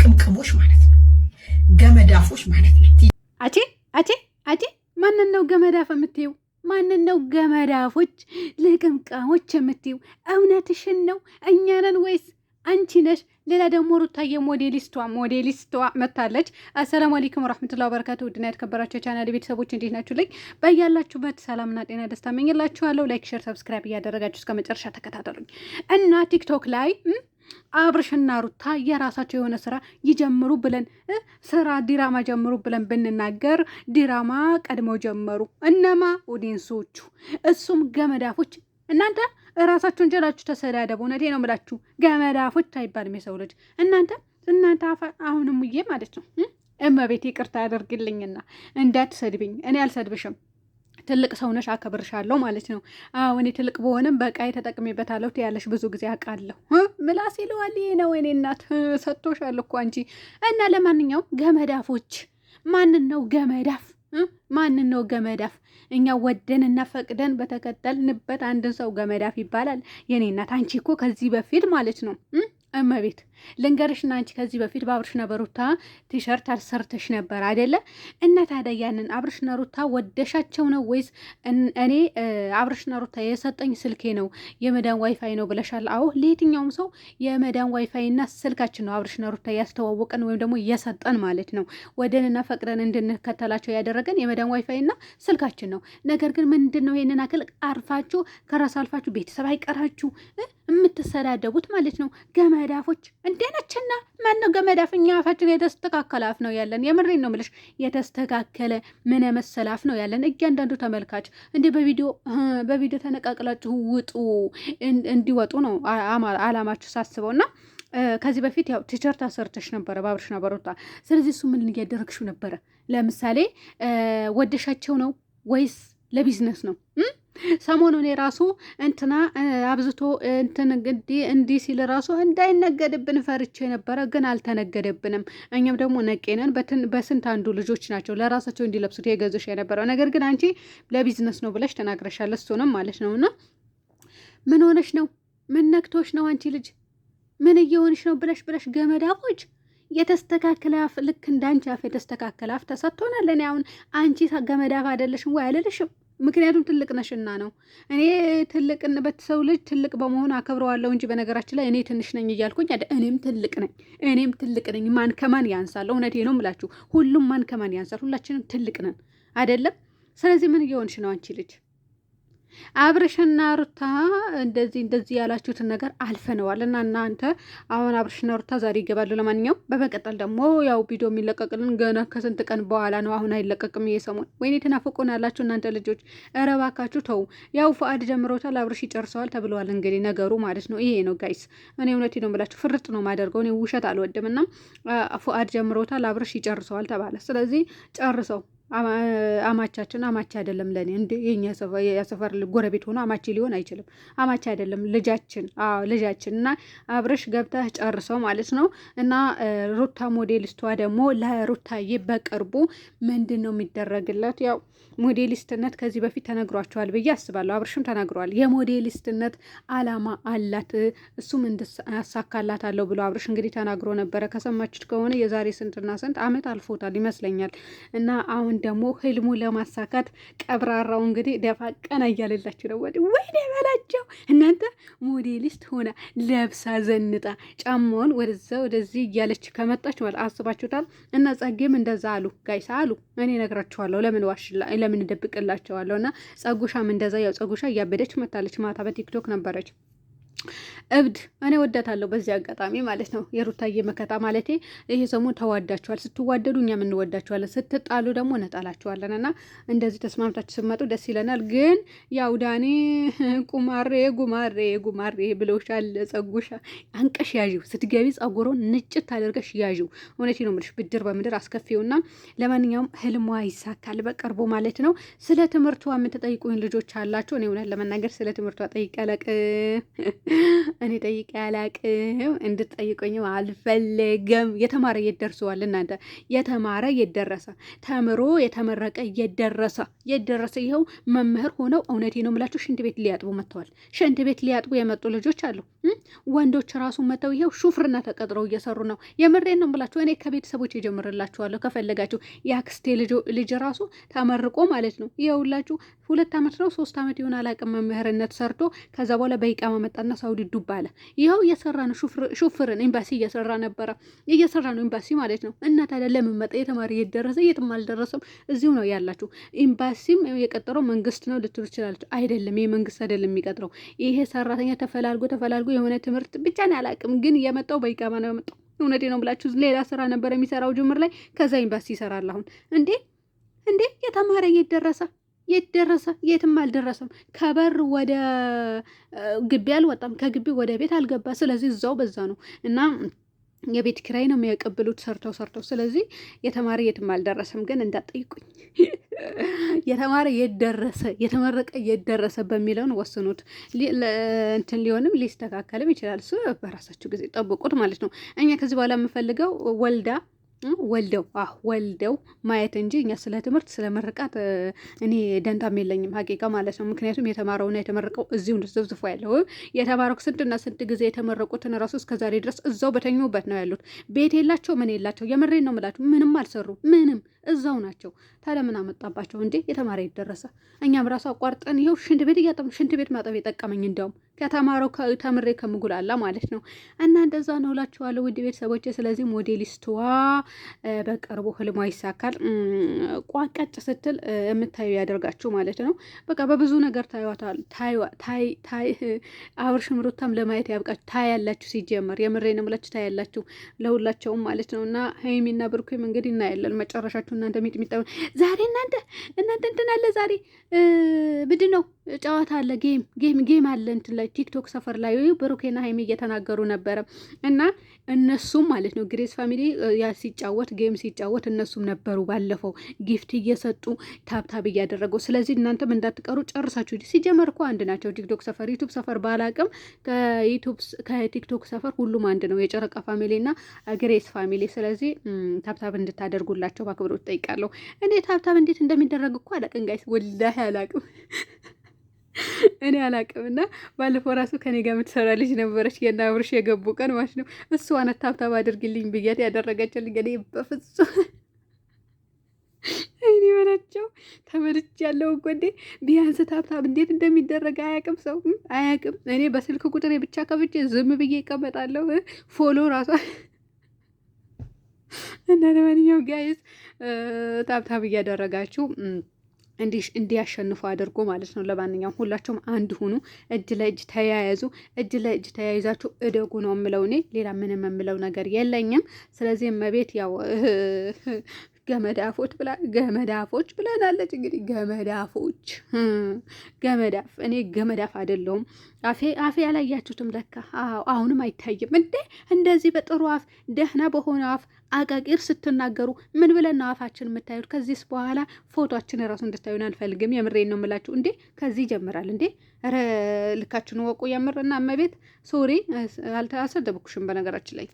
ቅምቅሞች ማለት ነው፣ ገመዳፎች ማለት ነው። አቼ አቼ አቼ ማንን ነው ገመዳፍ የምትይው? ማንን ነው ገመዳፎች ለቅምቃሞች የምትይው? እውነትሽን ነው እኛ ነን ወይስ አንቺ ነሽ? ሌላ ደግሞ ሩታዬ ሞዴሊስቷ ሞዴሊስቷ መታለች። አሰላሙ አለይኩም ወራህመቱላሂ ወበረካቱ። ውድና የተከበራችሁ የቻናል ቤተሰቦች እንዴት ናችሁ? ላይ በያላችሁበት ሰላምና ጤና ደስታ መኝላችኋለሁ። ላይክ፣ ሼር፣ ሰብስክራይብ እያደረጋችሁ እስከ መጨረሻ ተከታተሉኝ እና ቲክቶክ ላይ አብርሽና ሩታ የራሳቸው የሆነ ስራ ይጀምሩ ብለን ስራ ዲራማ ጀምሩ ብለን ብንናገር ዲራማ ቀድመው ጀመሩ። እነማ ኦዲንሶቹ፣ እሱም ገመዳፎች። እናንተ ራሳችሁን እንጀላችሁ ተሰዳደቡ። እውነቴ ነው ምላችሁ፣ ገመዳፎች አይባልም የሰው ልጅ። እናንተ እናንተ አሁንም ውዬ ማለት ነው እመቤት ይቅርታ አድርግልኝና እንዳትሰድብኝ፣ እኔ አልሰድብሽም ትልቅ ሰውነሽ አከብርሻለሁ ማለት ነው። አዎ እኔ ትልቅ በሆንም በቃይ ተጠቅሜበታለሁ ትያለሽ ብዙ ጊዜ አውቃለሁ። ምላሴ ለዋል ነው እኔ እናት ሰጥቶሻል እኮ አንቺ እና ለማንኛውም ገመዳፎች ማንን ነው ገመዳፍ ማንን ነው ገመዳፍ? እኛ ወደን እና ፈቅደን በተከተልንበት አንድን ሰው ገመዳፍ ይባላል። የኔ እናት አንቺ እኮ ከዚህ በፊት ማለት ነው እመቤት ልንገርሽና አንቺ ከዚህ በፊት በአብርሽና በሩታ ቲሸርት አሰርተሽ ነበር አይደለ? እና ታዲያ ያንን አብርሽና ሩታ ወደሻቸው ነው ወይስ እኔ አብርሽና ሩታ የሰጠኝ ስልኬ ነው የመዳን ዋይፋይ ነው ብለሻል። አዎ ለየትኛውም ሰው የመዳን ዋይፋይ እና ስልካችን ነው አብርሽና ሩታ ያስተዋወቀን ወይም ደግሞ የሰጠን ማለት ነው። ወደንና ፈቅደን እንድንከተላቸው ያደረገን የመዳን ዋይፋይ እና ስልካችን ነው። ነገር ግን ምንድን ነው ይህንን አክል አርፋችሁ ከራስ አልፋችሁ ቤተሰብ አይቀራችሁ የምትሰዳደቡት ማለት ነው ገመዳፎች እንደነችና ማነው ገመድ አፍኛ አፋችን የተስተካከለ አፍ ነው ያለን። የምሬን ነው ምልሽ፣ የተስተካከለ ምን መሰለ አፍ ነው ያለን። እያንዳንዱ ተመልካች እንደ በቪዲዮ በቪዲዮ ተነቃቅላችሁ ውጡ እንዲወጡ ነው አላማችሁ ሳስበው እና ከዚህ በፊት ያው ቲሸርት አሰርተሽ ነበረ ነበር ወጣ ስለዚህ እሱ ምን እያደረግሽው ነበረ? ለምሳሌ ወደሻቸው ነው ወይስ ለቢዝነስ ነው? ሰሞኑን የራሱ እንትና አብዝቶ እንትን ግዲ እንዲህ ሲል ራሱ እንዳይነገድብን ፈርቼ ነበረ፣ ግን አልተነገደብንም። እኛም ደግሞ ነቄነን በስንት አንዱ ልጆች ናቸው ለራሳቸው እንዲለብሱት የገዙሽ የነበረው ነገር ግን አንቺ ለቢዝነስ ነው ብለሽ ተናግረሻል። እሱንም ማለት ነው እና ምን ሆነሽ ነው? ምን ነክቶሽ ነው? አንቺ ልጅ ምን እየሆንሽ ነው? ብለሽ ብለሽ ገመዳፎች የተስተካከለ አፍ ልክ እንዳንቺ አፍ የተስተካከለ አፍ ተሰጥቶናል። እኔ አሁን አንቺ ገመዳፍ አይደለሽም ወይ አልልሽም ምክንያቱም ነሽና ነው። እኔ ትልቅንበት ሰው ልጅ ትልቅ በመሆን አከብረዋለሁ እንጂ በነገራችን ላይ እኔ ትንሽ ነኝ እያልኩኝ እኔም ትልቅ ነኝ፣ እኔም ትልቅ ነኝ። ማን ከማን ያንሳል? እውነቴ ነው ምላችሁ፣ ሁሉም ማን ከማን ያንሳል? ሁላችንም ትልቅ ነን አይደለም? ስለዚህ ምን እየሆንሽ ነው አንቺ ልጅ? አብርሽና ሩታ እንደዚህ እንደዚህ ያላችሁትን ነገር አልፈነዋል እና እናንተ አሁን አብርሽና ሩታ ዛሬ ይገባሉ። ለማንኛውም በመቀጠል ደግሞ ያው ቪዲዮ የሚለቀቅልን ገና ከስንት ቀን በኋላ ነው። አሁን አይለቀቅም። ይሄ ሰሞን ወይኔ ተናፍቆን ያላችሁ እናንተ ልጆች እረባካችሁ ተው። ያው ፈአድ ጀምሮታል፣ አብርሽ ይጨርሰዋል ተብለዋል። እንግዲህ ነገሩ ማለት ነው ይሄ ነው ጋይስ። እኔ እውነት ነው ብላችሁ ፍርጥ ነው ማደርገው። እኔ ውሸት አልወድም እና ፈአድ ጀምሮታል፣ አብርሽ ይጨርሰዋል ተባለ። ስለዚህ ጨርሰው አማቻችን አማች አይደለም ለእኔ እንደ የኛ ሰፈር ጎረቤት ሆኖ አማች ሊሆን አይችልም። አማች አይደለም ልጃችን፣ አዎ ልጃችን። እና አብረሽ ገብተህ ጨርሰው ማለት ነው። እና ሩታ ሞዴሊስቷ ደግሞ ለሩታዬ በቅርቡ ምንድን ነው የሚደረግለት? ያው ሞዴሊስትነት ከዚህ በፊት ተነግሯቸዋል ብዬ አስባለሁ። አብረሽም ተነግሯል የሞዴሊስትነት አላማ አላት፣ እሱም እንድሳካላታለሁ ብሎ አብረሽ እንግዲህ ተናግሮ ነበረ። ከሰማችሁት ከሆነ የዛሬ ስንትና ስንት አመት አልፎታል ይመስለኛል እና አሁን ደግሞ ህልሙ ለማሳካት ቀብራራው እንግዲህ ደፋ ቀና እያለላችሁ ነው። ወዲ ወይ ደበላቸው እናንተ ሞዴሊስት ሆና ለብሳ ዘንጣ ጫማውን ወደዛ ወደዚህ እያለች ከመጣች ማለት አስባችሁታል። እና ጸጌም እንደዛ አሉ ጋይሳ አሉ። እኔ ነግራችኋለሁ። ለምን ዋሽላ ለምን ደብቅላቸዋለሁ? እና ጸጉሻም እንደዛ ያው ጸጉሻ እያበደች መታለች። ማታ በቲክቶክ ነበረች እብድ እኔ ወዳታለሁ። በዚህ አጋጣሚ ማለት ነው የሩታዬ መከታ ማለት ይሄ ሰሞን ተዋዳችኋል። ስትዋደዱ እኛም እንወዳችኋለን፣ ስትጣሉ ደግሞ እንጠላችኋለን። እና እንደዚህ ተስማምታችሁ ስትመጡ ደስ ይለናል። ግን ያው ዳኔ ቁማሬ ጉማሬ ጉማሬ ብለውሻል። ጸጉሻ አንቀሽ ያዥው ስትገቢ ጸጉሮን ንጭት አድርገሽ ያዥው። እውነቴ ነው የምልሽ ብድር በምድር አስከፊውና ለማንኛውም ህልሟ ይሳካል በቅርቡ ማለት ነው። ስለ ትምህርቷ የምትጠይቁኝ ልጆች አላችሁ። እኔ እውነት ለመናገር ስለ ትምህርቷ ጠይቀለቅ እኔ ጠይቄ አላቅም፣ እንድትጠይቀኝም አልፈለገም። የተማረ የደርሰዋል እናንተ የተማረ የደረሰ ተምሮ የተመረቀ የደረሰ የደረሰ ይኸው መምህር ሆነው እውነቴ ነው የምላቸው ሽንት ቤት ሊያጥቡ መጥተዋል። ሽንት ቤት ሊያጥቡ የመጡ ልጆች አሉ። ወንዶች ራሱ መተው ይኸው ሹፍርና ተቀጥረው እየሰሩ ነው። የምሬን ነው የምላቸው። እኔ ከቤተሰቦች የጀምርላችኋለሁ ከፈለጋችሁ። የአክስቴ ልጅ ራሱ ተመርቆ ማለት ነው ይኸውላችሁ፣ ሁለት ዓመት ነው ሶስት አመት ይሆን አላቅም መምህርነት ሰርቶ ከዛ በኋላ በይቃማ መጣና ሳውዲ ዱብ አለ። ይኸው እየሰራ ነው፣ ሹፍርን ኤምባሲ እየሰራ ነበረ፣ እየሰራ ነው ኤምባሲ ማለት ነው። እና ታዲያ ለምን መጣ? የተማሪ የት ደረሰ? የትም አልደረሰም። እዚሁ ነው ያላችሁ። ኤምባሲም የቀጠረው መንግስት ነው ልትሉ ትችላለች። አይደለም፣ ይሄ መንግስት አይደለም የሚቀጥረው። ይሄ ሰራተኛ ተፈላልጎ ተፈላልጎ የሆነ ትምህርት ብቻ ነው ያላቅም፣ ግን የመጣው በይቃማ ነው የመጣው። እውነቴ ነው ብላችሁ ሌላ ስራ ነበር የሚሰራው ጅምር ላይ፣ ከዛ ኤምባሲ ይሰራል አሁን። እንዴ እንዴ! የተማረ የት የት ደረሰ? የትም አልደረሰም። ከበር ወደ ግቢ አልወጣም፣ ከግቢ ወደ ቤት አልገባ። ስለዚህ እዛው በዛ ነው እና የቤት ኪራይ ነው የሚያቀብሉት ሰርተው ሰርተው። ስለዚህ የተማረ የትም አልደረሰም። ግን እንዳጠይቁኝ የተማረ የት ደረሰ፣ የተመረቀ የት ደረሰ በሚለውን ወስኑት። እንትን ሊሆንም ሊስተካከልም ይችላል። እሱ በራሳችሁ ጊዜ ጠብቁት ማለት ነው። እኛ ከዚህ በኋላ የምፈልገው ወልዳ ወልደው ወልደው ማየት እንጂ እኛ ስለ ትምህርት ስለ ምርቃት እኔ ደንታም የለኝም ሀቂቃ ማለት ነው። ምክንያቱም የተማረውና የተመረቀው እዚሁ ዝብዝፎ ያለው የተማረው ስንትና ስንት ጊዜ የተመረቁትን ራሱ እስከዛሬ ድረስ እዛው በተኙበት ነው ያሉት። ቤት የላቸው ምን የላቸው። የምሬን ነው የምላችሁ። ምንም አልሰሩ ምንም እዛው ናቸው። ታዲያ ምን አመጣባቸው እንዴ? የተማረ ይደረሰ እኛም ራሱ አቋርጠን ይኸው ሽንት ቤት እያጠብን ሽንት ቤት ማጠብ የጠቀመኝ እንዲያውም ከተማረው ተምሬ ከምጉላላ ማለት ነው። እና እንደዛ ነው እላችኋለሁ ውድ ቤተሰቦች። ስለዚህ ሞዴሊስትዋ በቅርቡ ህልሟ ይሳካል። ቋቀጭ ስትል የምታዩ ያደርጋችሁ ማለት ነው። በቃ በብዙ ነገር ታዩዋታል። አብርሽም ሩታም ለማየት ያብቃችሁ። ታያላችሁ። ሲጀመር የምሬ የምሬን እምላችሁ ታያላችሁ፣ ለሁላቸውም ማለት ነው። እና ሀይሚና ብርኩም እንግዲህ እናያለን መጨረሻችሁ። እናንተ ሚጥሚጣ ዛሬ እናንተ እናንተ እንትን አለ ዛሬ ምንድን ነው? ጨዋታ አለ፣ ጌም ጌም ጌም አለ እንትን ላይ ቲክቶክ ሰፈር ላይ ብሩኬና ሀይሚ እየተናገሩ ነበረ እና እነሱም ማለት ነው ግሬስ ፋሚሊ ያ ሲጫወት ጌም ሲጫወት እነሱም ነበሩ ባለፈው ጊፍት እየሰጡ ታብታብ እያደረጉ። ስለዚህ እናንተም እንዳትቀሩ ጨርሳችሁ። ሲጀመር እኮ አንድ ናቸው። ቲክቶክ ሰፈር ዩቱብ ሰፈር ባላቅም ከቲክቶክ ሰፈር ሁሉም አንድ ነው፣ የጨረቃ ፋሚሊ እና ግሬስ ፋሚሊ። ስለዚህ ታብታብ እንድታደርጉላቸው በአክብሮት እጠይቃለሁ። እኔ ታብታብ እንዴት እንደሚደረግ እኮ አላቅም ጋይስ፣ ወላሂ አላቅም። እኔ አላቅምና ባለፈው ራሱ ከኔ ጋር የምትሰራ ልጅ ነበረች የና አብርሽ የገቡ ቀን ማለት ነው። እሷን ታብታብ አድርግልኝ ብያት ያደረገችልኝ እኔ በፍጹም እኔ በላቸው ተመርጭ ያለው ጎዴ ቢያንስ ታብታብ እንዴት እንደሚደረግ አያቅም፣ ሰው አያቅም። እኔ በስልክ ቁጥር ብቻ ከብቼ ዝም ብዬ ይቀመጣለሁ። ፎሎ ራሷ እና ለማንኛውም ጋይዝ ታብታብ እያደረጋችሁ እንዲያሸንፉ አድርጎ ማለት ነው። ለማንኛውም ሁላቸውም አንድ ሁኑ፣ እጅ ለእጅ ተያያዙ። እጅ ለእጅ ተያይዛችሁ እደጉ ነው የምለው እኔ። ሌላ ምንም የምለው ነገር የለኝም። ስለዚህ እመቤት ያው ገመዳፎች ብላ ገመዳፎች ብላናለች። እንግዲህ ገመዳፎች ገመዳፍ እኔ ገመዳፍ አይደለሁም። አፌ አፌ ያላያችሁትም ለካ። አዎ አሁንም አይታይም እንዴ! እንደዚህ በጥሩ አፍ ደህና በሆነ አፍ አቃቂር ስትናገሩ ምን ብለን ነው አፋችን የምታዩት? ከዚህስ በኋላ ፎቶችን ራሱ እንድታዩን አንፈልግም። የምሬን ነው የምላችሁ። እንዴ ከዚህ ይጀምራል እንዴ! ኧረ ልካችሁን ወቁ። የምርና እመቤት ሶሪ፣ አልተሰደብኩሽም በነገራችን ላይ